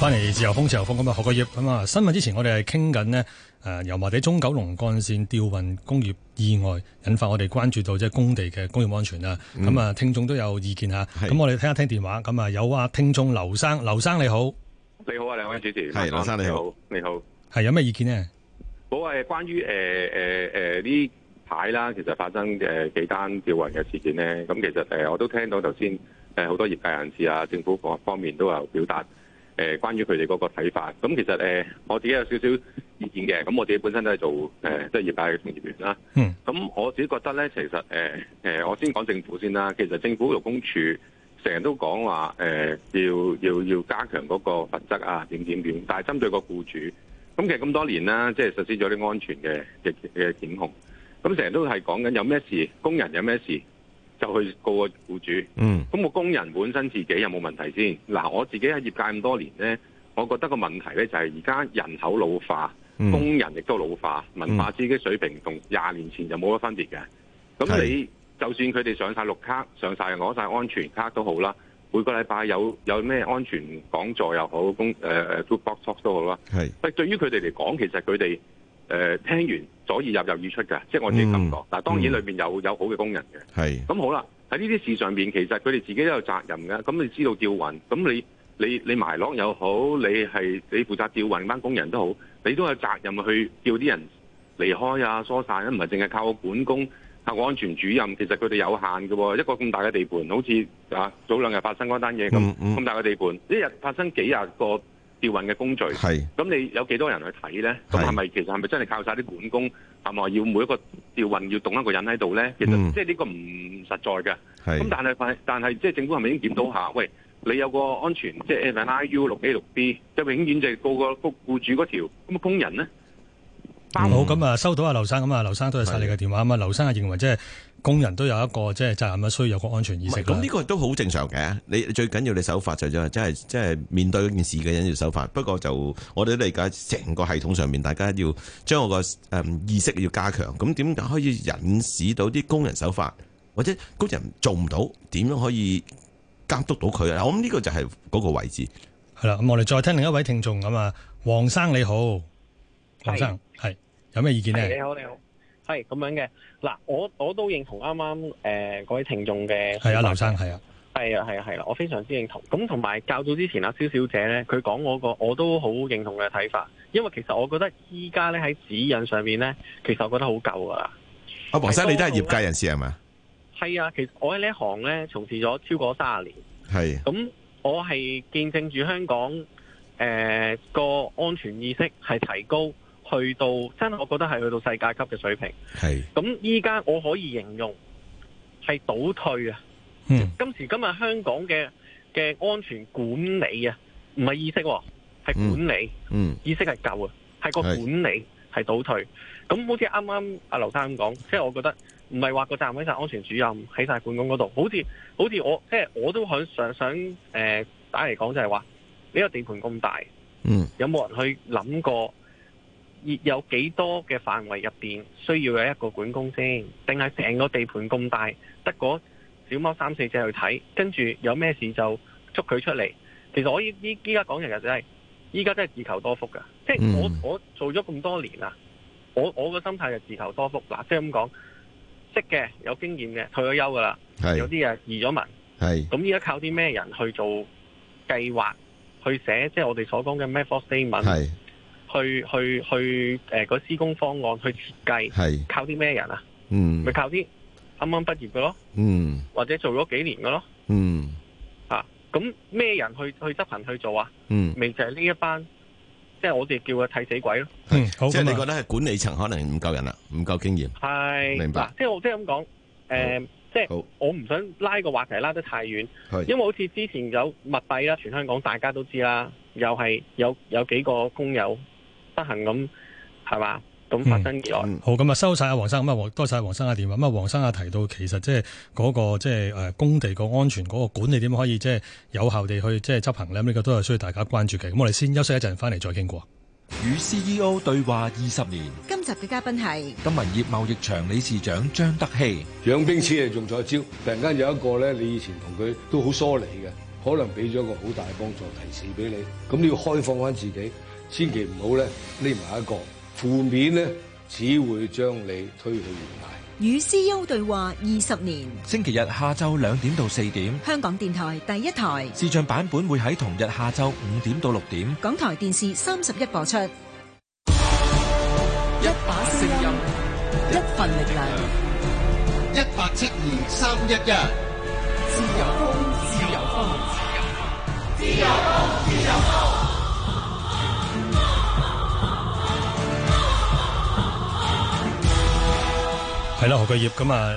翻嚟自由風，自由風咁啊！學個業咁啊、嗯！新聞之前我哋係傾緊呢誒，油麻地中九龍幹線吊運工業意外，引發我哋關注到即係工地嘅工業安全啦。咁啊，嗯、聽眾都有意見吓，咁是、啊、我哋聽一聽電話。咁啊，有啊，聽眾劉生，劉生你好，你好啊，兩位主持，係劉生你好，你好，係有咩意見呢？我係關於誒誒誒呢排啦，其實發生幾幾單吊運嘅事件呢。咁其實誒、呃、我都聽到頭先誒好多業界人士啊，政府各方面都有表達。誒，關於佢哋嗰個睇法，咁其實誒，我自己有少少意見嘅，咁我自己本身係、呃、都係做誒，即係業界嘅從業員啦。嗯。咁我自己覺得咧，其實誒誒、呃，我先講政府先啦。其實政府勞工處成日都講話誒，要要要加強嗰個罰則啊，點點點。但係針對個僱主，咁其實咁多年啦，即係實施咗啲安全嘅嘅嘅檢控，咁成日都係講緊有咩事，工人有咩事。就去告個僱主，咁、嗯、個工人本身自己有冇問題先？嗱，我自己喺業界咁多年咧，我覺得個問題咧就係而家人口老化，嗯、工人亦都老化，文化知識水平同廿年前就冇乜分別嘅。咁你就算佢哋上晒綠卡，上晒攞晒安全卡都好啦，每個禮拜有有咩安全講座又好，工 toolbox、呃、talk 都好啦。係是，不過對於佢哋嚟講，其實佢哋。誒、呃、聽完左耳入右耳出㗎，即係我自己感覺。嗱、嗯，但當然裏面有、嗯、有好嘅工人嘅，咁是好啦。喺呢啲事上面，其實佢哋自己都有責任㗎。咁你知道吊運，咁你你你，你埋落又好，你係你負責吊運班工人都好，你都有責任去叫啲人離開啊疏散啊，唔係淨係靠個管工、靠個安全主任。其實佢哋有限嘅喎、哦，一個咁大嘅地盤，好似啊早兩日發生嗰單嘢咁咁大嘅地盤，一日發生幾廿個。調運嘅工序，係咁是你有幾多人去睇咧？咁係咪其實係咪真係靠晒啲管工？係咪要每一個調運要動一個人喺度咧？嗯、其實即係呢個唔實在嘅。咁是但係但係即係政府係咪已經檢到下？喂，你有個安全，即係 A、N、I、U、六 A、六 B，就永遠就係告個個雇雇主嗰條，咁嘅工人咧？好咁啊，嗯、收到啊，劉生咁啊，劉生多謝晒你嘅電話啊嘛，劉是生啊，認為即係。工人都有一個即係、就是、責任，需要有個安全意識。咁呢個都好正常嘅。你最緊要你守法就即係即係面對嗰件事嘅人要守法。不過就我哋理解，成個系統上面，大家要將我個、嗯、意識要加強。咁點解可以引使到啲工人守法，或者工人做唔到，點樣可以監督到佢？我諗呢個就係嗰個位置。係啦，我哋再聽另一位聽眾咁啊，黃生你好，黃生係是有咩意見呢？你好，你好。係咁樣嘅，嗱，我我都認同啱啱誒嗰位聽眾嘅。係啊，劉生，係啊，係啊，係啊，係啦、啊，我非常之認同。咁同埋較早之前阿蕭小姐咧，佢講我個我都好認同嘅睇法，因為其實我覺得依家咧喺指引上面咧，其實我覺得好夠噶啦。阿黃、啊、生，你都係業界人士係咪？係啊，其實我喺呢一行咧，從事咗超過三十年。係、啊。咁我係見證住香港誒個、呃、安全意識係提高。去到真係，我覺得係去到世界級嘅水平。係咁是，依家我可以形容係倒退啊！嗯，今時今日香港嘅嘅安全管理啊，唔係意識，係管理。嗯，意識係舊啊，係、嗯、個管理係倒退。咁是好似啱啱阿劉生咁講，即、就、係、是、我覺得唔係話個站喺晒安全主任喺晒管工嗰度，好似好似我即係、就是、我都想想誒、呃、打嚟講就，就係話呢個地盤咁大，嗯，有冇人去諗過？有幾多嘅範圍入邊需要有一個管工先？定係成個地盤咁大，得嗰小貓三四隻去睇，跟住有咩事就捉佢出嚟？其實我依依依家講嘅嘢就係，依家真係自求多福㗎。即係我我做咗咁多年啦，我我嘅心態就自求多福嗱。即係咁講，識嘅有經驗嘅退咗休㗎啦，是有啲人移咗民，咁依家靠啲咩人去做計劃去寫？即係我哋所講嘅 method statement 去去去誒，個施工方案去設計係靠啲咩人啊？嗯，咪靠啲啱啱畢業嘅咯。嗯，或者做咗幾年嘅咯。嗯，吓咁，咩人去去執行去做啊？嗯，咪就係呢一班，即係我哋叫嘅睇死鬼咯。即係你覺得係管理層可能唔夠人啦，唔夠經驗。係，明白。即係我即係咁講，誒，即係我唔想拉個話題拉得太遠。因為好似之前有密閉啦，全香港大家都知啦，又係有有幾個工友。不幸咁係嘛，咁發生意外。嗯、好，咁啊收晒阿黃生咁，啊，多謝阿黃生嘅電話。咁啊，黃生啊提到其實即係嗰個即係誒工地個安全嗰個管理點可以即係有效地去即係執行咧，呢、這個都係需要大家關注嘅。咁我哋先休息一陣，翻嚟再傾過。與 CEO 對話二十年，今集嘅嘉賓係錦文業貿易場理事長張德熙。養兵千日，用在一朝。突然間有一個咧，你以前同佢都好疏離嘅，可能俾咗個好大嘅幫助提示俾你。咁你要開放翻自己。千祈唔好咧，匿埋一個負面呢，只會將你推去懸崖。與 CEO 對話二十年，星期日下晝兩點到四點，香港電台第一台視像版本會喺同日下晝五點到六點，港台電視三十一播出。一把聲音，一份力量，一八七二三一一，自由風，自由風，自由風，自由風。係啦，何巨業咁啊！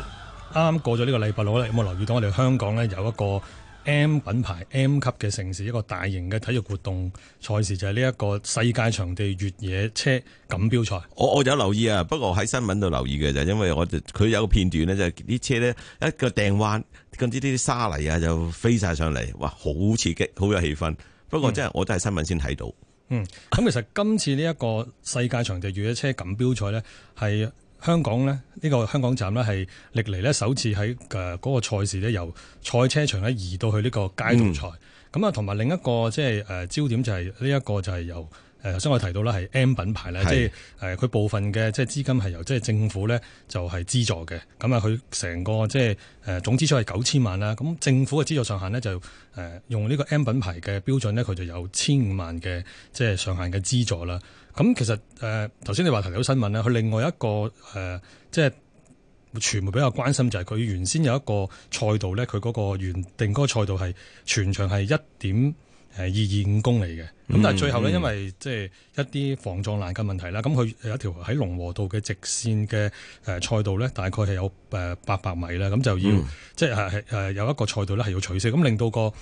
啱啱過咗呢個禮拜六咧，有冇留意到我哋香港咧有一個 M 品牌 M 級嘅城市一個大型嘅體育活動賽事，就係呢一個世界場地越野車錦標賽。我我有留意啊，不過喺新聞度留意嘅就係，因為我佢有個片段，就是，呢就係啲車咧一個掟彎，跟住啲沙泥啊就飛晒上嚟，哇！好刺激，好有氣氛。不過真係我都係新聞先睇到嗯。嗯，咁，嗯，其實今次呢一個世界場地越野車錦標賽咧係。香港呢呢、呢個香港站呢，係歷嚟呢首次喺誒嗰個賽事呢，由賽車場移到去呢個街道賽。咁啊同埋另一個即係誒焦點就係呢一個就係由誒頭先我提到啦係 M 品牌咧，是的 即係誒佢部分嘅即係資金係由即係政府呢，就係資助嘅。咁啊佢成個即係誒總支出係九千萬啦。咁政府嘅資助上限呢，就、呃、誒用呢個 M 品牌嘅標準呢，佢就有千五萬嘅即係上限嘅資助啦。咁其實誒頭先你話提到新聞咧，佢另外一個誒、呃、即係傳媒比較關心就係、是、佢原先有一個賽道咧，佢嗰個原定嗰個賽道係全長係一點誒二二五公里嘅。咁但係最後咧，嗯嗯、因為即係一啲防撞欄嘅問題啦，咁佢有一條喺龍和道嘅直線嘅誒賽道咧，大概係有誒八百米啦。咁就要、嗯、即係誒誒有一個賽道咧係要取消，咁令到個誒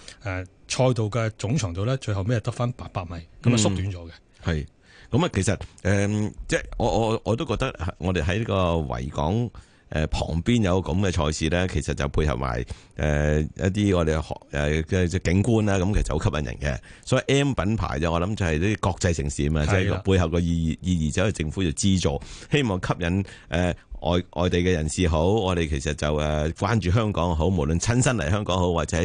賽道嘅總長度咧，最後尾係得翻八百米，咁啊縮短咗嘅，係、嗯。咁啊，其實誒，即係我我我都覺得，我哋喺呢個維港，誒旁邊有咁嘅賽事咧，其實就配合埋誒一啲我哋嘅景觀啦，咁其實就好吸引人嘅。所以 M 品牌我諗就係啲國際城市啊嘛，即係個背後嘅意意義就係政府就資助，希望吸引誒外外地嘅人士好。我哋其實就誒關注香港好，無論親身嚟香港好，或者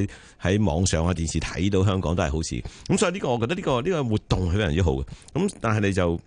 喺網上啊電視睇到香港都係好事。咁所以呢個我覺得呢個呢個活動係非常之好嘅。咁但係你就。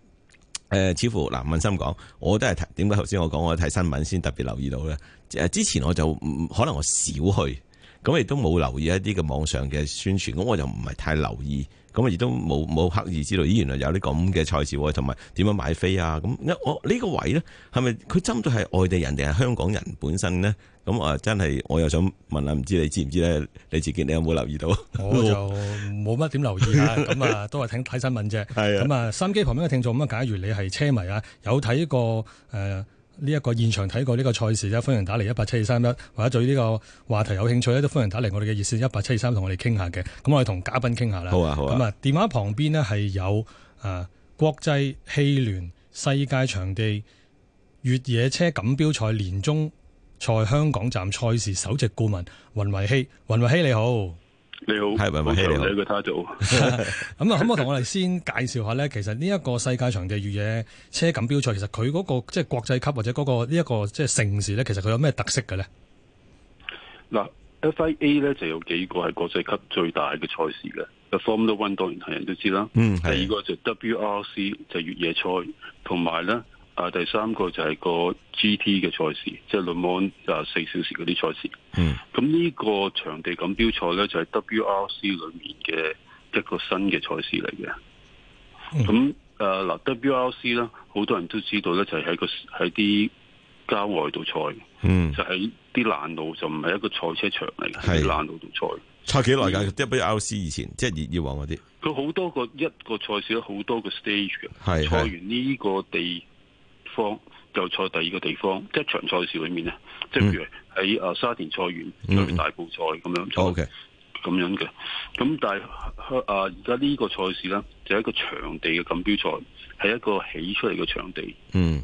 誒，似乎嗱，問心講，我都係睇點解頭先我講，我睇新聞先特別留意到咧。誒，之前我就唔可能我少去，咁亦都冇留意一啲嘅網上嘅宣傳，咁我就唔係太留意。咁亦都冇冇刻意知道，咦？原來有啲咁嘅賽事，同埋點樣買飛啊？咁我呢、這個位咧，係咪佢針對係外地人定係香港人本身咧？咁啊，真係我又想問下，唔知你知唔知咧？你自己你有冇留意到？我就冇乜點留意啊！咁 啊，都係睇睇新聞啫。咁是啊，啊，心機旁邊嘅聽眾咁啊，假如你係車迷啊，有睇過誒？呃呢一個現場睇過呢個賽事啫，歡迎打嚟一八七二三一，或者對呢個話題有興趣咧，都歡迎打嚟我哋嘅熱線一八七二三，同我哋傾下嘅。咁我哋同嘉賓傾下啦。好啊，好啊。咁啊，電話旁邊呢係有啊國際汽聯世界場地越野車錦標賽年終賽香港站賽事首席顧問雲維熹，雲維熹你好。你好，係雲維熹你好，一個他做咁啊，咁 我同我哋先介紹下咧？其實呢一個世界場地越野車錦標賽，其實佢嗰、那個即係、就是、國際級或者嗰個呢、這、一個即係、就是、城市咧，其實佢有咩特色嘅咧？嗱，F I A 咧就有幾個係國際級最大嘅賽事嘅 The Formula One 當然係人都知啦，嗯，嗯第二個就 W R C 就越野賽，同埋咧。啊，第三個就係個 GT 嘅賽事，即係路網廿四小時嗰啲賽事。嗯，咁呢個場地錦標賽咧，就係、是、WRC 裏面嘅一個新嘅賽事嚟嘅。咁誒嗱，WRC 咧好多人都知道咧，就係、是、喺個喺啲郊外度賽。嗯，就喺啲爛路就唔係一個賽車場嚟嘅，喺的爛路度賽。差幾耐㗎？即係比如 WRC 以前，即係以以往嗰啲，佢好多個一個賽事有好多個 stage 嘅的。係係，賽完呢個地方、嗯、又賽第二個地方，即係場賽事裏面咧，即係譬如喺啊沙田賽園里大埔賽咁樣，咁、嗯 okay. 樣嘅。咁但係誒，而家呢個賽事咧就係、是、一個場地嘅錦標賽，係一個起出嚟嘅場地。嗯。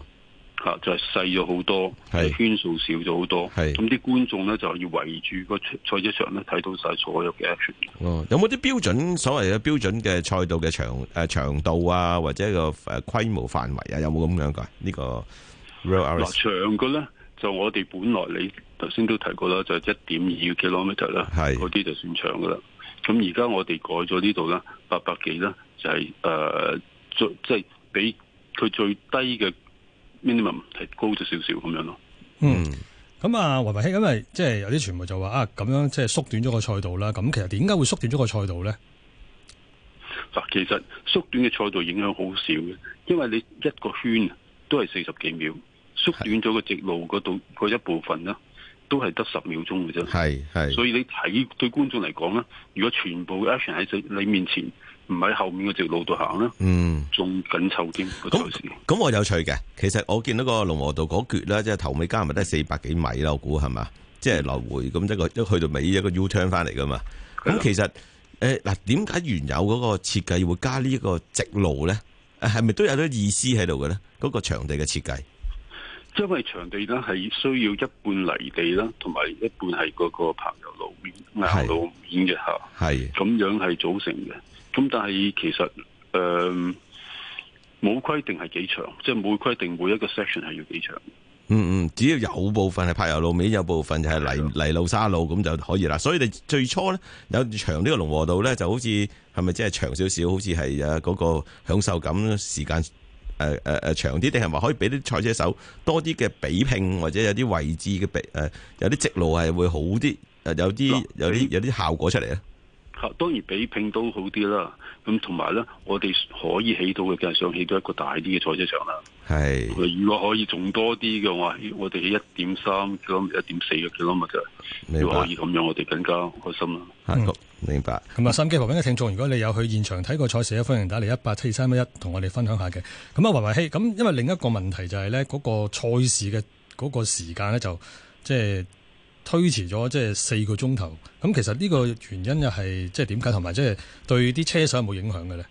就係細咗好多，係是圈數少咗好多，係咁啲觀眾咧就要圍住個賽車場咧，睇到晒所有嘅 action。哦，有冇啲標準，所謂嘅標準嘅賽道嘅長誒、呃、長度啊，或者個誒規模範圍啊？有冇咁樣噶？呢個長嘅咧，就我哋本來，你頭先都提過啦，就係一點二嘅 kilometer 啦，係嗰啲就算長噶啦。咁而家我哋改咗呢度啦，八百幾啦，就係誒即係比佢最低嘅。minimum 提高咗少少咁樣咯、嗯。嗯，咁啊，雲維熹，因為即係有啲傳媒就話啊，咁樣即係縮短咗個賽道啦。咁其實點解會縮短咗個賽道咧？嗱、啊，其實縮短嘅賽道影響好少嘅，因為你一個圈都係四十幾秒，縮短咗個直路嗰度嗰一部分啦，都係得十秒鐘嘅啫。係係，所以你睇對觀眾嚟講咧，如果全部嘅 action 喺你面前。唔喺後面嗰條直路度行啦，嗯，仲緊湊啲。咁、那、咁、個、我有趣嘅。其實我見到個龍和道嗰橛啦，即係頭尾加埋都係四百幾米啦，我估係嘛？嗯、即係來回咁一個，一去到尾一個 U turn 翻嚟噶嘛咁的其實誒嗱，點、欸、解原有嗰個設計會加呢一個直路咧？係係咪都有啲意思喺度嘅咧？嗰、那個場地嘅設計，因為場地咧係需要一半泥地啦，同埋一半係嗰個柏油路面、硬路面嘅吓，係咁樣係組成嘅。咁但係其實誒冇規定係幾長，即係冇規定每一個 section 係要幾長。嗯嗯，只要有部分係柏油路面，有部分就係泥泥路沙路，咁的就可以啦。所以你最初咧有長呢個龍和道咧，就好似係咪即係長少少，好似係誒嗰個享受感時間誒誒誒長啲，定係咪可以俾啲賽車手多啲嘅比拼，或者有啲位置嘅比誒、呃，有啲直路係會好啲，誒有啲有啲有啲效果出嚟咧。當然比拼都好啲啦，咁同埋咧，我哋可以起到嘅，梗係想起到一個大啲嘅賽車場啦。係是，如果可以仲多啲嘅話，我哋一點三幾多米，一點四幾多咪就，如果可以咁樣，我哋更加開心啦。嗯、明白。咁啊、嗯，心機旁邊嘅聽眾，如果你有去現場睇過賽事咧，歡迎打嚟一八七二三一一同我哋分享下嘅。咁、嗯、啊，雲維熹，咁因為另一個問題就係、是、咧，嗰、那個賽事嘅嗰個時間咧，就即、是、係。推遲咗即係四個鐘頭，咁其實呢個原因又係即係點解？同埋即係對啲車手有冇影響嘅咧？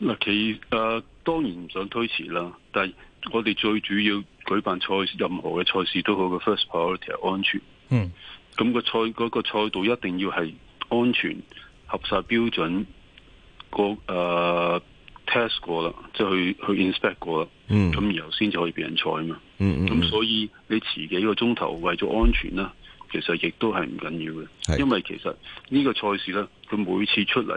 嗱，其誒當然唔想推遲啦，但係我哋最主要舉辦賽事任何嘅賽事都好嘅，first priority 係安全。嗯，咁個賽嗰、嗰個賽道一定要係安全、合晒標準，嗰個誒、呃、test 過啦，即係去去 inspect 過啦。嗯，咁然後先至可以俾人賽啊嘛。嗯，咁、嗯、所以你遲幾個鐘頭為咗安全啦，其實亦都係唔緊要嘅，是因為其實呢個賽事呢，佢每次出嚟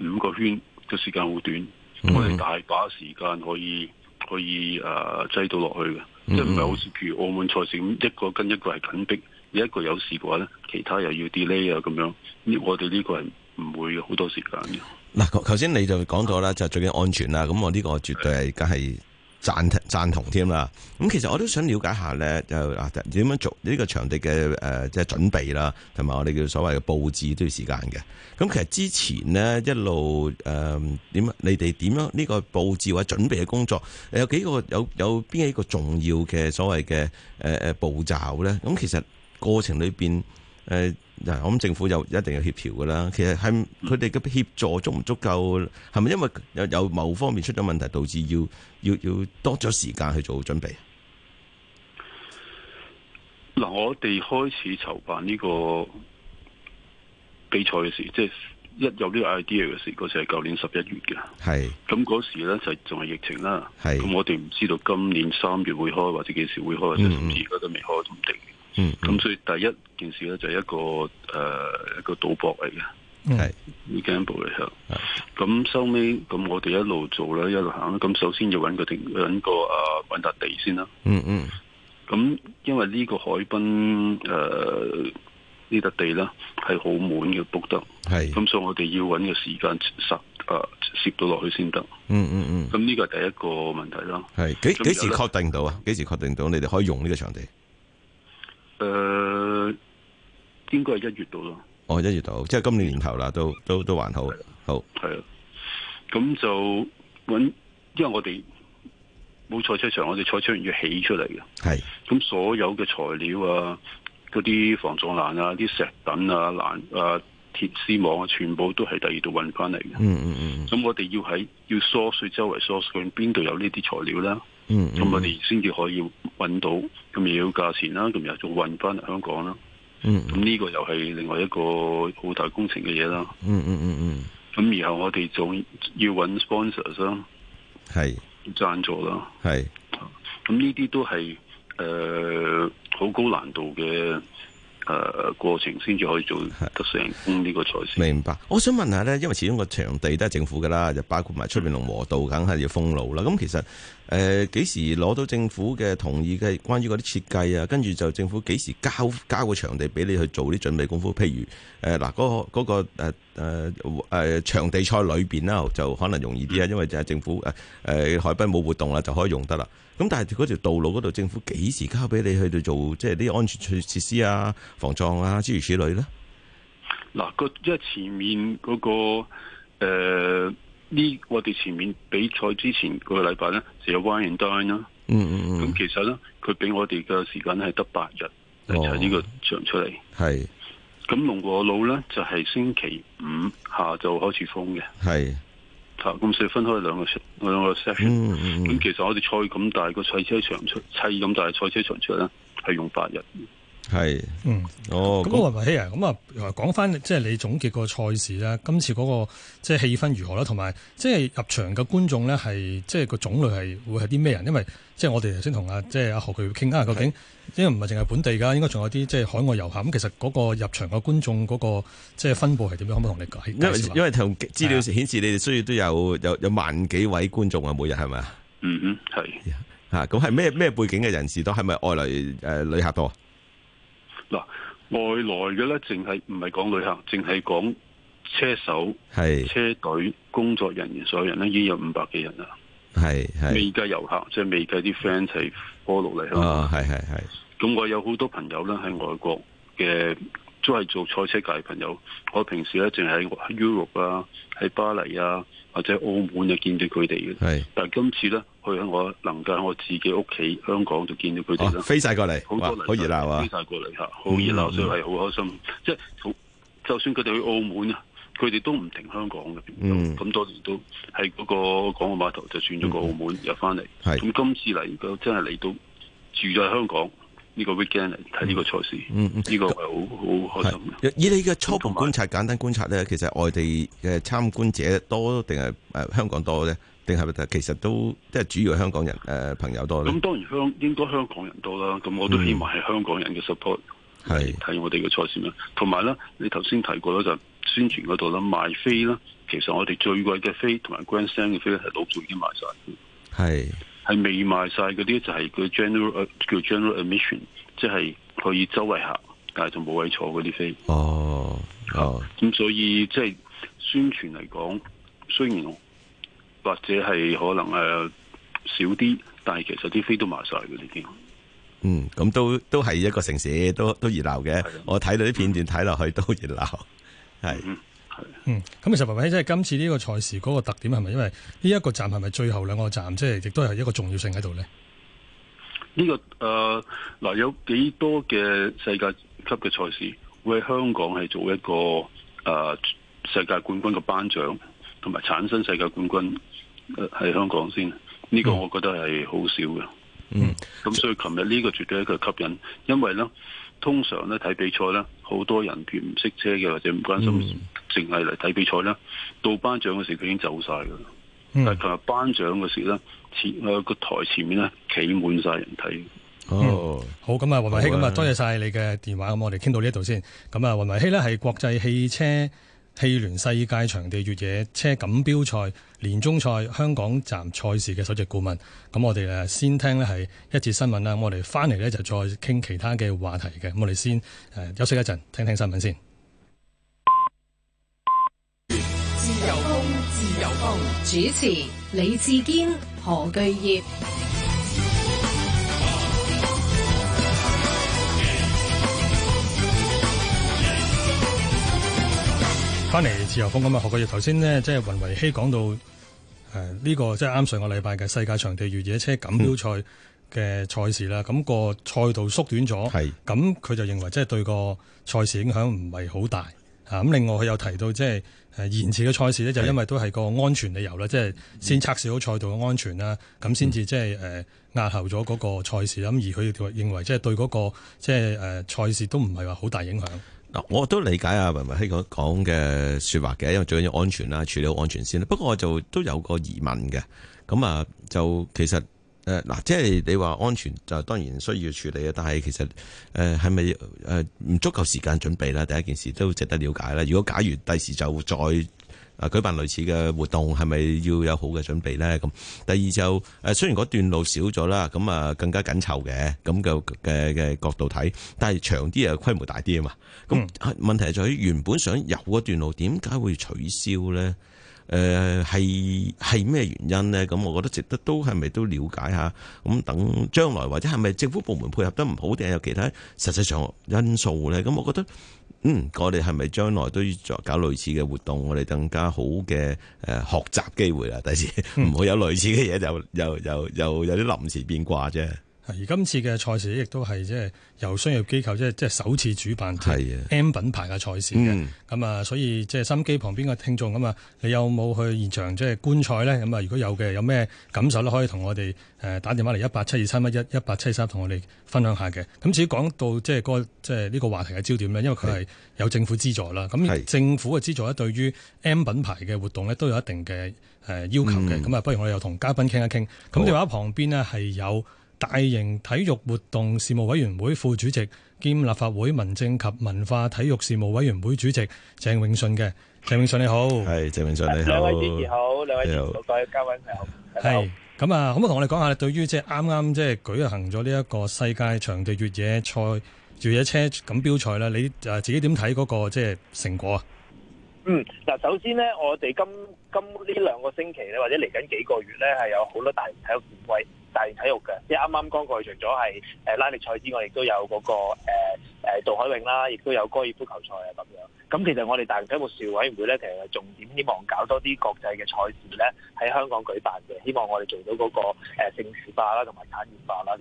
五個圈嘅時間好短，嗯、我哋大把時間可以可以誒擠、啊、到落去嘅，嗯、即係唔係好似譬如澳門賽事咁一個跟一個係緊迫，你一個有事嘅話呢，其他又要 delay 啊咁樣，我哋呢個係唔會好多時間嘅。嗱，頭先你就講到啦，就最緊安全啦，咁我呢個絕對係梗係。是贊贊同添啦，咁其實我都想了解下咧，就點樣做呢個場地嘅誒即係準備啦，同埋我哋叫所謂嘅佈置都要時間嘅。咁其實之前咧，一路誒點，你哋點樣呢個佈置或者準備嘅工作，有幾個有有邊一個重要嘅所謂嘅誒誒步驟咧？咁其實過程裏邊誒。嗱，我諗政府又一定有協調㗎啦。其實喺佢哋嘅協助足唔足夠？係咪因為有有某方面出咗問題，導致要要要多咗時間去做準備？嗱、嗯，我哋開始籌辦呢個比賽嘅時，即、就、係、是、一有呢個 idea 嘅時，嗰時係舊年十一月嘅。係咁嗰時咧就仲係疫情啦。係咁是，我哋唔知道今年三月會開，或者幾時會開，甚至而家都未開唔定。嗯，咁、mm hmm. 所以第一件事咧就係一個誒、呃、一個賭博嚟嘅，係 gamble 嚟嘅。咁收尾咁我哋一路做啦，一路行啦。咁首先要搵個，個，個，個地，個誒搵笪地先啦。嗯嗯。咁因為呢個海濱誒呢笪地呢，係好滿嘅，book 得係。咁、mm hmm. 所以我哋要搵個時間實誒攝到落去先得。嗯嗯嗯。咁、hmm. 呢個係第一個問題咯。係幾幾時確定到啊？幾時確定到你哋可以用呢個場地？誒、呃，應該係一月度咯。哦，一月度，即係今年年頭啦，都都都還好，好係啊。咁就搵，因為我哋冇賽車場，我哋賽車場要起出嚟嘅。係的，咁所有嘅材料啊，嗰啲防撞欄啊，啲石等啊，欄啊，鐵絲網啊，全部都係第二度運翻嚟嘅。嗯嗯嗯。咁我哋要喺要疏水周圍疏水，邊度有呢啲材料呢？嗯，咁我哋先至可以搵到，咁又要價錢啦，咁又仲運翻嚟香港啦。嗯，咁呢個又係另外一個好大工程嘅嘢啦。嗯嗯嗯嗯，咁然後我哋仲要搵 sponsors 啦是，係贊助啦，係是。咁呢啲都係誒好高難度嘅。誒過程先至可以做得成功呢個財施。明白，我想問下咧，因為始終個場地都係政府嘅啦，就包括埋出面龍和道，梗係要封路啦。咁其實誒幾時攞到政府嘅同意嘅，關於嗰啲設計啊，跟住就政府幾時交交個場地俾你去做啲準備功夫，譬如誒嗱嗰個嗰個誒誒誒、呃呃，場地賽裏邊啦，就可能容易啲啊，因為就係政府誒誒、呃、海濱冇活動啦，就可以用得啦。咁但係嗰條道路嗰度，政府幾時交俾你去做，即係啲安全設設施啊、防撞啊諸如此類咧？嗱、那個，個即係前面嗰、那個誒、呢、呃、我哋前面比賽之前個禮拜咧，就有 Wine and Dine 啦、啊。嗯嗯嗯。咁其實咧，佢俾我哋嘅時間係得八日就呢個場出嚟。係。咁龍和路咧就係、是、星期五下晝開始封嘅，係是，咁所以分開兩個，個 session 咁其實我哋賽咁大、那個賽車場出，砌咁大賽車場出咧係用八日。係嗯哦，咁阿雲維熹啊，咁啊，講翻即係你總結賽個賽事啦。今次嗰個即係氣氛如何啦，同埋即係入場嘅觀眾咧，係即係個種類係會係啲咩人？因為即係我哋頭先同阿即係阿何佢傾啊，究竟因為唔係淨係本地噶，應該仲有啲即係海外遊客。咁其實嗰個入場嘅觀眾嗰個即係分布係點樣？可唔可以同你解？因為因為同資料時顯示，啊、你哋需要都有有有萬幾位觀眾啊，每日係咪啊？嗯嗯，係吓咁係咩咩背景嘅人士多？係咪外來誒旅客多？呃呃呃呃呃呃呃呃嗱，外來嘅咧，淨係唔係講旅客，淨係講車手、是車隊工作人員，所有人咧已經有五百幾人啦。係係未計遊客，即係未計啲 friend 係波落嚟啊係係係，咁、哦、我有好多朋友咧喺外國嘅，都係做賽車界嘅朋友。我平時咧淨係喺 Europe 啊，喺巴黎啊。或者澳門就見到佢哋嘅，是但係今次咧，去喺我能夠喺我自己屋企香港就見到佢哋啦，飛晒過嚟，好多人好熱鬧啊，飛晒過嚟嚇，好熱鬧，嗯、所以係好開心。即係就算佢哋去澳門啊，佢哋都唔停香港嗰咁、嗯、多年都係嗰個港澳碼頭就轉咗過澳門、嗯、又翻嚟，咁是今次嚟如果真係嚟到住咗香港。呢個 weekend 嚟睇呢個賽事、嗯，嗯嗯，呢個係好好開心。以你嘅初步觀察、嗯、簡單觀察咧，其實外地嘅參觀者多定係誒香港多咧？定係其實都即係主要嘅香港人誒、呃、朋友多咧？咁、嗯嗯、當然香應該香港人多啦。咁我都希望係香港人嘅 support，係睇是我哋嘅賽事啦。同埋咧，你頭先提過咧，就係、宣傳嗰度啦，賣飛啦，其實我哋最貴嘅飛同埋 grandstand 嘅飛係老早已經賣晒。係。係未賣晒嗰啲就係個 general 叫 general admission，即係可以周圍行，但係就冇位坐嗰啲飛。哦，哦，咁所以即係宣傳嚟講，雖然或者係可能誒、呃、少啲，但係其實啲飛都賣晒嗰啲嘅。嗯，咁都都係一個城市，都都熱鬧嘅。的我睇到啲片段睇落、嗯、去都熱鬧，係。嗯是嗯，咁其實維熹即係今次呢個賽事嗰個特點係咪因為呢一個站係咪最後兩個站，即係亦都係一個重要性喺度咧？呢、這個誒嗱、呃，有幾多嘅世界級嘅賽事會喺香港係做一個誒、呃、世界冠軍嘅頒獎，同埋產生世界冠軍喺香港先？呢、這個我覺得係好少嘅。嗯，咁、嗯、所以琴日呢個絕對係一個吸引，因為咧通常咧睇比賽咧，好多人佢唔識車嘅或者唔關心、嗯。定係嚟睇比賽啦，到頒獎嘅時佢已經走晒噶啦。但係琴日頒獎嘅時咧，前個、呃、台前面咧企滿晒人睇。哦、嗯，好，咁啊，雲維熹，咁啊、哦，多謝晒你嘅電話。咁我哋傾到呢一度先。咁啊，雲維熹呢係國際汽車汽聯世界場地越野車錦標賽年終賽香港站賽事嘅首席顧問。咁我哋誒先聽呢係一節新聞啦。咁我哋翻嚟咧就再傾其他嘅話題嘅。咁我哋先誒休息一陣，聽聽新聞先。主持李志堅何巨業，翻嚟自由風咁啊！何巨業，頭先咧即係雲維熹講到誒呢個即係啱上個禮拜嘅世界場地越野車錦標賽嘅賽事啦，咁、嗯、個賽道縮短咗，咁佢係就認為即係對個賽事影響唔係好大。啊！咁另外佢又提到，即係誒延遲嘅賽事呢就因為都係個安全理由啦，即係的先測試好賽道嘅安全啦，咁先至即係誒押後咗嗰個賽事咁，嗯、而佢認為即係對嗰個即係誒賽事都唔係話好大影響。嗱、嗯，我都理解阿、啊、雲維熹度講嘅説話嘅，因為最緊要安全啦，處理好安全先啦。不過我就都有個疑問嘅，咁啊就其實。誒嗱，即係你話安全就當然需要處理啊，但係其實誒係咪誒唔足夠時間準備啦？第一件事都值得了解啦。如果假如第時就再誒舉辦類似嘅活動，係咪要有好嘅準備咧？咁第二就誒、是、雖然嗰段路少咗啦，咁啊更加緊湊嘅咁嘅嘅嘅角度睇，但係長啲啊規模大啲啊嘛。咁、嗯、問題就係原本想入嗰段路，點解會取消咧？誒係係咩原因咧？咁我覺得值得都係咪都了解下？咁等將來或者係咪政府部門配合得唔好定係有其他實際上因素咧？咁我覺得，嗯，我哋係咪將來都要再搞類似嘅活動？我哋更加好嘅誒學習機會啦！第時唔好有類似嘅嘢，又又又又有啲臨時變卦啫。而今次嘅賽事亦都係即係由商業機構即係即係首次主辦 M 品牌嘅賽事嘅咁啊，的嗯、所以即係心機旁邊嘅聽眾咁啊，你有冇去現場即係觀賽呢？咁啊，如果有嘅，有咩感受咧，可以同我哋誒打電話嚟一八七二三一一一八七二三，同我哋分享下嘅。咁至於講到即係個即係呢個話題嘅焦點呢，因為佢係有政府資助啦。咁是的 政府嘅資助呢對於 M 品牌嘅活動呢都有一定嘅誒要求嘅。咁啊，不如我哋又同嘉賓傾一傾。咁電話旁邊呢，係有。大型體育活動事務委員會副主席兼立法會民政及文化體育事務委員會主席鄭泳舜嘅，鄭泳舜你好，係鄭泳舜你好，兩位主持好，兩位好，各位嘉賓好，係咁啊，可唔可以同我哋講下，對於即係啱啱即係舉行咗呢一個世界場地越野賽、越野車錦標賽咧，你誒自己點睇嗰個即係成果啊？嗯，嗱，首先咧，我哋今今呢兩個星期咧，或者嚟緊幾個月咧，係有好多大型體育冠軍。大型體育嘅，即係啱啱剛過去除咗係誒拉力賽之外，亦都有嗰個誒杜海泳啦，亦都有高爾夫球賽啊咁樣。咁其實我哋大型體育事務委員會咧，其實重點希望搞多啲國際嘅賽事咧，喺香港舉辦嘅，希望我哋做到嗰個誒城市化啦，同埋產業化啦。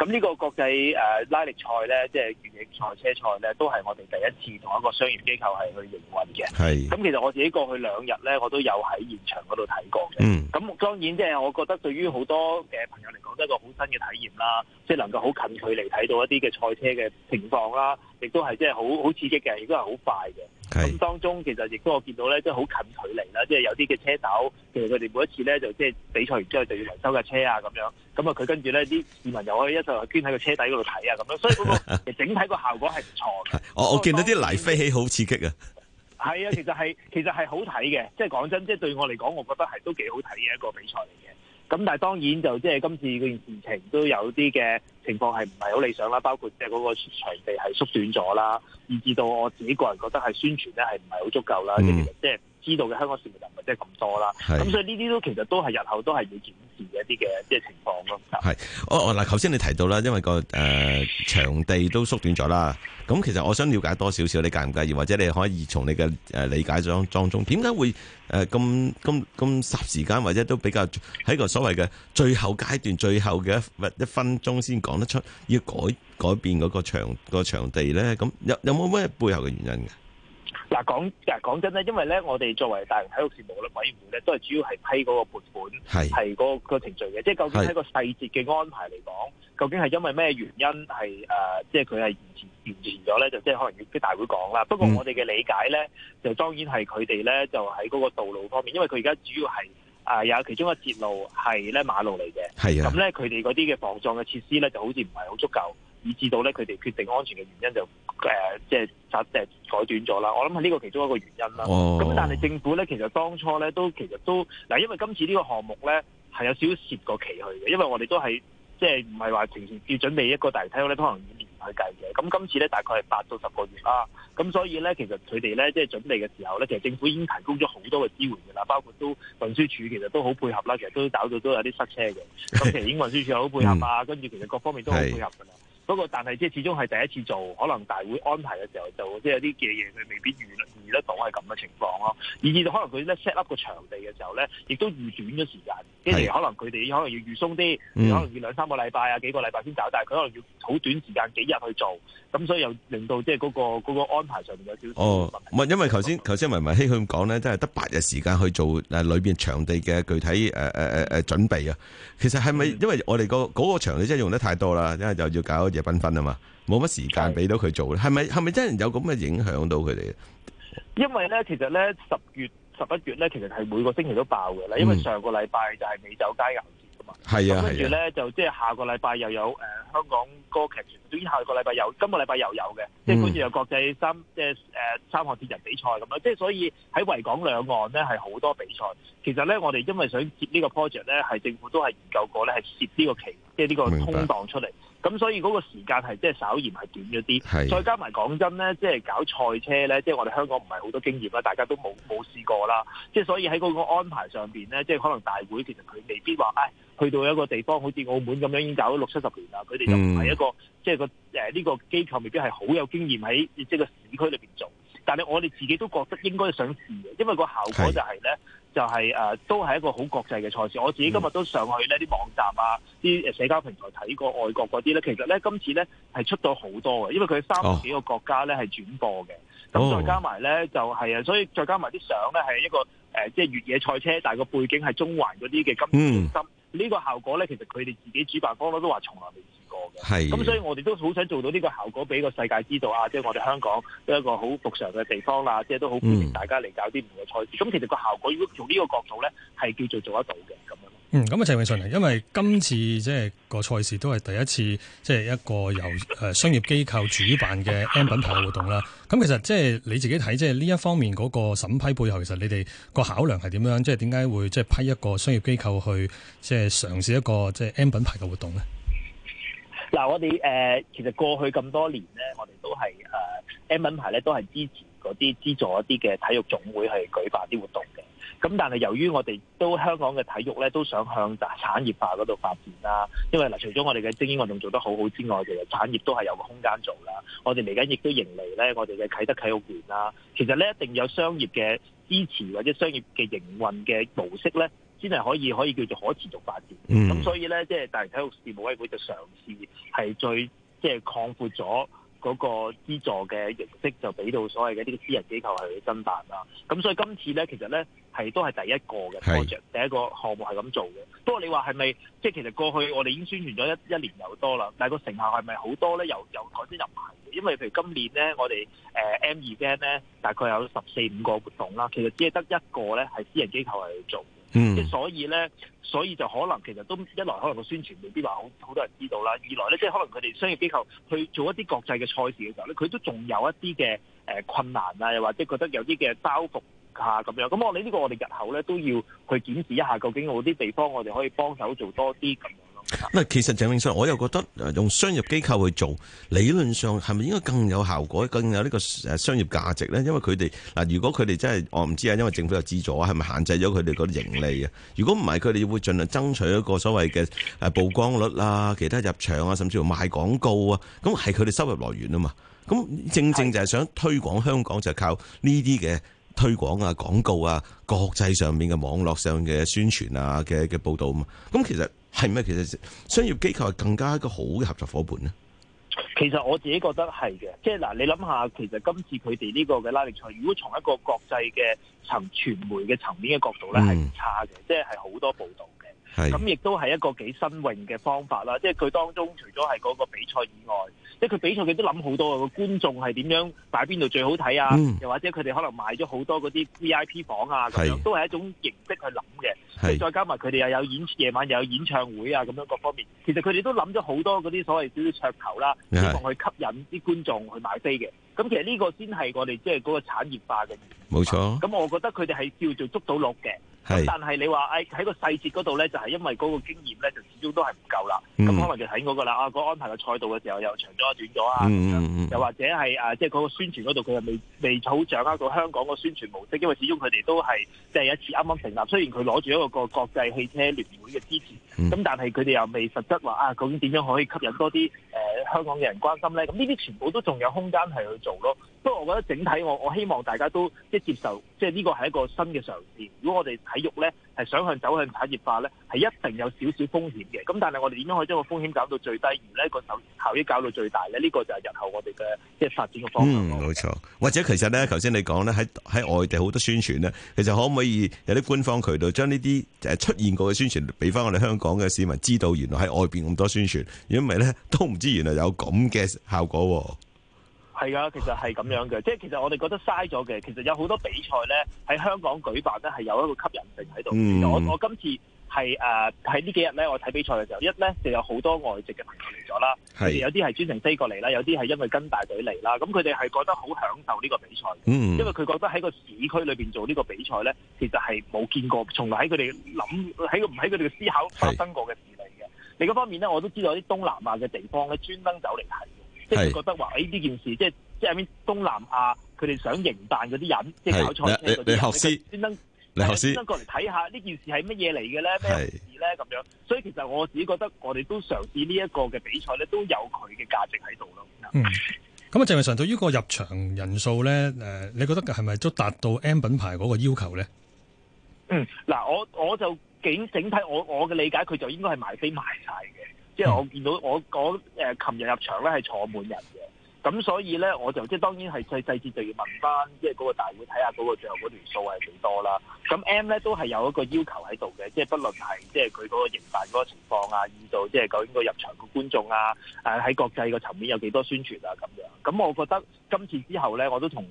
咁呢個國際、呃、拉力賽咧，即係越野賽車賽咧，都係我哋第一次同一個商業機構係去營運嘅。係。咁其實我自己過去兩日咧，我都有喺現場嗰度睇過嘅。嗯。咁當然即係我覺得對於好多嘅朋友嚟講都係一個好新嘅體驗啦，即係能夠好近距離睇到一啲嘅賽車嘅情況啦，亦都係即係好好刺激嘅，亦都係好快嘅。咁是當中其實亦都我見到咧，即係好近距離啦，即係有啲嘅車手，其實佢哋每一次咧就即係比賽完之後就要嚟收架車啊咁樣，咁啊佢跟住咧啲市民又可以一齊捐喺個車底嗰度睇啊咁樣，所以個整體個效果係唔錯嘅。 錯我我，我見到啲泥飛起，好刺激啊！係啊，其實係其實係好睇嘅，即係講真，即係對我嚟講，我覺得係都幾好睇嘅一個比賽嚟嘅。咁但係當然就即係今次件事情都有啲嘅。情況係唔係好理想啦，包括即係嗰個場地係縮短咗啦，以致到我自己個人覺得係宣傳咧係唔係好足夠啦，即係知道嘅香港市民即係咁多啦，咁所以呢啲都其實都係日後都係要檢視一啲嘅，即係情況咯。係，哦哦，嗱，頭先你提到啦，因為個誒場地都縮短咗啦，咁其實我想了解多少少，你介唔介意，或者你可以從你嘅誒理解中當中，點解會誒咁咁咁霎時間，或者都比較喺個所謂嘅最後階段、最後嘅一一分鐘先講得出，要改改變嗰個場個場地咧？咁有有冇咩背後嘅原因嘅？嗱講，嗱講真咧，因為咧，我哋作為大型體育事務律委員會咧，都係主要係批嗰個撥款，係嗰是個程序嘅。即係究竟喺個細節嘅安排嚟講，是究竟係因為咩原因係誒、呃，即係佢係延遲延遲咗咧，就即係可能要啲大會講啦。不過我哋嘅理解咧，嗯、就當然係佢哋咧就喺嗰個道路方面，因為佢而家主要係誒、呃、有其中一節路係咧馬路嚟嘅，咁咧佢哋嗰啲嘅防撞嘅設施咧就好似唔係好足夠。以至到咧佢哋決定安全嘅原因就、呃、即係暫時改短咗啦，我諗係呢個其中一個原因啦。咁、oh. 但係政府咧其實當初咧都其實都嗱，因為今次呢個項目咧係有少少蝕過期去嘅，因為我哋都係即係唔係話平時要準備一個大體咧，可能五年去計嘅。咁今次咧大概係八到十個月啦。咁所以咧其實佢哋咧即係準備嘅時候咧，其實政府已經提供咗好多嘅支援㗎啦，包括都運輸署其實都好配合啦，其實都搞到都有啲塞車嘅。咁其實已經運輸署好配合啊，跟住、 嗯、其實各方面都好配合㗎啦。不過但係即係始終係第一次做，可能大會安排嘅時候就即係有啲嘅嘢佢未必預預得到係咁嘅情況咯，以致到可能佢咧 set up 個場地嘅時候咧，亦都預短咗時間，即係可能佢哋可能要預鬆啲，可能要兩三個禮拜啊幾個禮拜先搞，但係佢可能要好短時間幾日去做，咁所以又令到即係嗰個嗰個安排上面有少少問題。唔係因為頭先頭先雲維熹佢咁講咧，都係得八日時間去做誒裏邊場地嘅具體誒誒誒誒準備啊。其實係咪因為我哋個嗰個場地真係用得太多啦，因為又要搞嘢。繽紛啊嘛，冇乜時間俾的到佢做咧，係咪係咪真係有咁嘅影響到佢哋？因為咧，其實咧十月十一月咧，其實係每個星期都爆嘅啦。嗯、因為上個禮拜就係美酒佳肴節噶嘛，係啊的，跟住咧就即係下個禮拜又有誒、呃、香港歌劇團，跟下個禮拜又今個禮拜又有嘅，即係跟住又國際三即係誒三項鐵人比賽咁樣，即係所以喺維港兩岸咧係好多比賽。其實咧，我哋因為想接個呢個 project 咧，係政府都係研究過咧，係攝呢個期，即係呢個通檔出嚟。咁白所以嗰個時間係即係稍嫌係短咗啲。再是加埋講真咧，即係搞賽車咧，即係我哋香港唔係好多經驗啦，大家都冇冇試過啦。即係所以喺嗰個安排上面咧，即係可能大會其實佢未必話，唉、哎，去到一個地方好似澳門咁樣已經搞咗六七十年啦，佢哋就唔係一個即係個誒呢個機構未必係好有經驗喺即係個市區裏面做。但係我哋自己都覺得應該想試嘅，因為個效果就係咧。就係、是、誒、呃，都係一個好國際嘅賽事。我自己今日都上去呢啲網站啊，啲社交平台睇過外國嗰啲咧，其實咧今次咧係出到好多嘅，因為佢三十幾個國家咧係轉播嘅。咁、嗯、再加埋咧就係、是、啊，所以再加埋啲相咧係一個、呃、即係越野賽車，但係個背景係中環嗰啲嘅金融中心呢、oh. 個效果咧，其實佢哋自己主辦方都都話從來未。係咁、嗯，所以我哋都好想做到呢個效果，俾個世界知道啊！即係我哋香港都係一個好復常嘅地方啦，即係都好歡迎大家嚟搞啲唔同嘅賽事。咁、嗯、其實個效果，如果從呢個角度咧，係叫做做得到嘅咁樣嗯。嗯，咁啊，鄭泳舜啊，因為今次即係個賽事都係第一次，即係一個由誒商業機構主辦嘅 M 品牌嘅活動啦。咁 其實即係你自己睇，即係呢一方面嗰個審批背後，其實你哋個考量係點樣？即係點解會即係批一個商業機構去即係嘗試一個即係 M 品牌嘅活動咧？嗱，我哋誒其實過去咁多年咧，我哋都係誒 M 品牌咧，都係支持嗰啲資助一啲嘅體育總會去舉辦啲活動嘅。咁但係由於我哋都香港嘅體育咧都想向大產業化嗰度發展啦，因為嗱，除咗我哋嘅精英運動做得好好之外，其實產業都係有個空間做啦。我哋嚟緊亦都迎嚟咧，我哋嘅啟德體育園啦，其實咧一定有商業嘅支持或者商業嘅營運嘅模式咧。先係可以可以叫做可持續發展。咁、嗯、所以咧，即係大型體育事務委員會就嘗試係最即係、就是、擴闊咗嗰個資助嘅形式，就俾到所謂嘅呢個私人機構係去申辦啦。咁所以今次咧，其實咧係都係第一個嘅 project，是第一個項目係咁做嘅。不過你話係咪即係其實過去我哋已經宣傳咗一一年有多啦，但係個成效係咪好多咧？又由台先入唔嘅，因為譬如今年咧，我哋、呃、M 二 event 咧，大概有十四五個活動啦，其實只係得一個咧係私人機構去做。嗯，即係所以咧，所以就可能其實都一來可能個宣傳未必話好好多人知道啦，二來咧，即係可能佢哋商業機構去做一啲國際嘅賽事嘅時候咧，佢都仲有一啲嘅誒困難啊，又或者覺得有啲嘅包袱嚇咁樣，咁我哋呢個我哋日後咧都要去檢視一下，究竟有啲地方我哋可以幫手做多啲咁。嗱，其實鄭泳舜，我又覺得用商業機構去做，理論上係咪應該更有效果、更有呢個誒商業價值咧？因為佢哋嗱，如果佢哋真係，我唔知啊，因為政府有資助啊，係咪限制咗佢哋嗰啲盈利啊？如果唔係，佢哋會盡量爭取一個所謂嘅誒曝光率啊、其他入場啊，甚至乎賣廣告啊，咁係佢哋收入來源啊嘛。咁正正就係想推廣香港，就靠呢啲嘅推廣啊、廣告啊、國際上面嘅網絡上嘅宣傳啊嘅嘅報道啊嘛。咁其實。係咪其實商業機構係更加一個好嘅合作夥伴咧？其實我自己覺得係嘅，即係嗱，你諗下，其實今次佢哋呢個嘅拉力賽，如果從一個國際嘅層傳媒嘅層面嘅角度咧，係唔差嘅，即係係好多報道嘅，咁亦都係一個幾新穎嘅方法啦。即係佢當中除咗係嗰個比賽以外。即係佢比賽都想很多，佢都諗好多啊！個觀眾係點樣擺邊度最好睇啊？又或者佢哋可能買咗好多嗰啲 VIP 房啊，咁是樣都係一種形式去諗嘅。是再加埋佢哋又有演夜晚又有演唱會啊，咁樣各方面，其實佢哋都諗咗好多嗰啲所謂少少噱頭啦，的希望去吸引啲觀眾去買飛嘅。咁其實呢個先係我哋即係嗰個產業化嘅。冇錯。咁、啊、我覺得佢哋係叫做捉到落嘅。嗯、但係你話誒喺個細節嗰度咧，就係、是、因為嗰個經驗咧，就始終都係唔夠啦。咁、嗯、可能就睇嗰個啦。啊，嗰個、安排個賽道嘅時候又長咗短咗啊。嗯、又或者係即係嗰個宣傳嗰度，佢又未未好掌握到香港個宣傳模式。因為始終佢哋都係即係一次啱啱成立，雖然佢攞住一個個國際汽車聯會嘅支持，咁、嗯、但係佢哋又未實質話啊，究竟點樣可以吸引多啲、呃、香港嘅人關心咧？咁呢啲全部都仲有空間係去做咯。不過我覺得整體我，我我希望大家都即接受。即係呢個係一個新嘅嘗試。如果我哋體育呢，係想向走向產業化呢，係一定有少少風險嘅。咁但係我哋點樣可以將個風險搞到最低，而呢個效益搞到最大呢？呢、呢個就係日後我哋嘅即係發展嘅方向。嗯、冇錯。或者其實呢，頭先你講呢，喺喺外地好多宣傳呢，其實可唔可以有啲官方渠道將呢啲出現過嘅宣傳俾翻我哋香港嘅市民知道？原來喺外邊咁多宣傳，因為呢，都唔知原來有咁嘅效果。係啊，其實係咁樣嘅，即係其實我哋覺得嘥咗嘅。其實有好多比賽咧，喺香港舉辦咧係有一個吸引力喺度。嗯、我我今次係誒喺呢幾日咧，我睇比賽嘅時候，一咧就有好多外籍嘅朋友嚟咗啦，有啲係專程飛過嚟啦，有啲係因為跟大隊嚟啦。咁佢哋係覺得好享受呢個比賽，嗯、因為佢覺得喺個市區裏邊做呢個比賽咧，其實係冇見過，從來喺佢哋諗喺唔喺佢哋嘅思考發生過嘅事嚟嘅。是另一方面咧，我都知道啲東南亞嘅地方咧，專登走嚟睇。即係是覺得話，哎、欸！呢件事即係即係喺東南亞他，佢哋想營辦嗰啲人即係搞錯呢個意思。先生，先生過嚟睇下呢件事係乜嘢嚟嘅咧？咩是事咧？咁樣，所以其實我自己覺得，我哋都嘗試呢一個嘅比賽咧，都有佢嘅價值喺度咯。嗯，咁啊、 嗯，鄭泳舜對於個入場人數咧，誒，你覺得係咪都達到 M 品牌嗰個要求咧？嗯，嗱，我我就整整體，我我嘅理解，佢就應該係賣飛賣晒嘅。因為、嗯、我見到我嗰誒琴日入場咧係坐滿人嘅。咁所以咧，我就即係當然係細細節就要問翻，即係嗰個大會睇下嗰個最後嗰條數係幾多啦。咁 M 咧都係有一個要求喺度嘅，即係不論係即係佢嗰個營辦嗰個情況啊，二度即係究竟個入場嘅觀眾啊，喺國際個層面有幾多宣傳啊咁樣。咁我覺得今次之後咧，我都同誒、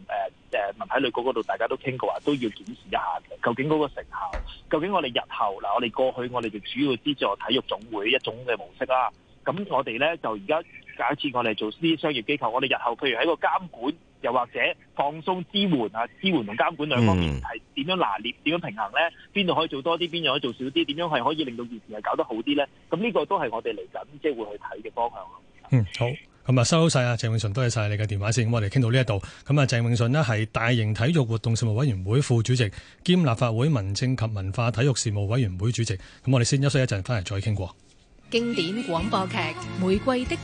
呃、文體旅局嗰度大家都傾過話，都要檢視一下嘅，究竟嗰個成效，究竟我哋日後嗱，我哋過去我哋嘅主要資助體育總會一種嘅模式啦。咁我哋咧就而家。搞一次我哋做啲商業機構，我哋日後譬如喺個監管又或者放鬆支援啊，支援同監管兩方面係點樣拿捏、點樣平衡呢？邊度可以做多啲，邊度可以做少啲？點樣係可以令到業餘係搞得好啲呢？咁呢個都係我哋嚟緊，即係會去睇嘅方向。嗯，好，咁啊，收咗晒啊，鄭泳舜，多謝晒你嘅電話先，我哋傾到呢一度。咁啊，鄭泳舜呢係大型體育活動事務委員會副主席兼立法會民政及文化體育事務委員會主席。咁我哋先休息一陣，翻嚟再傾過。經典廣播劇《玫瑰的》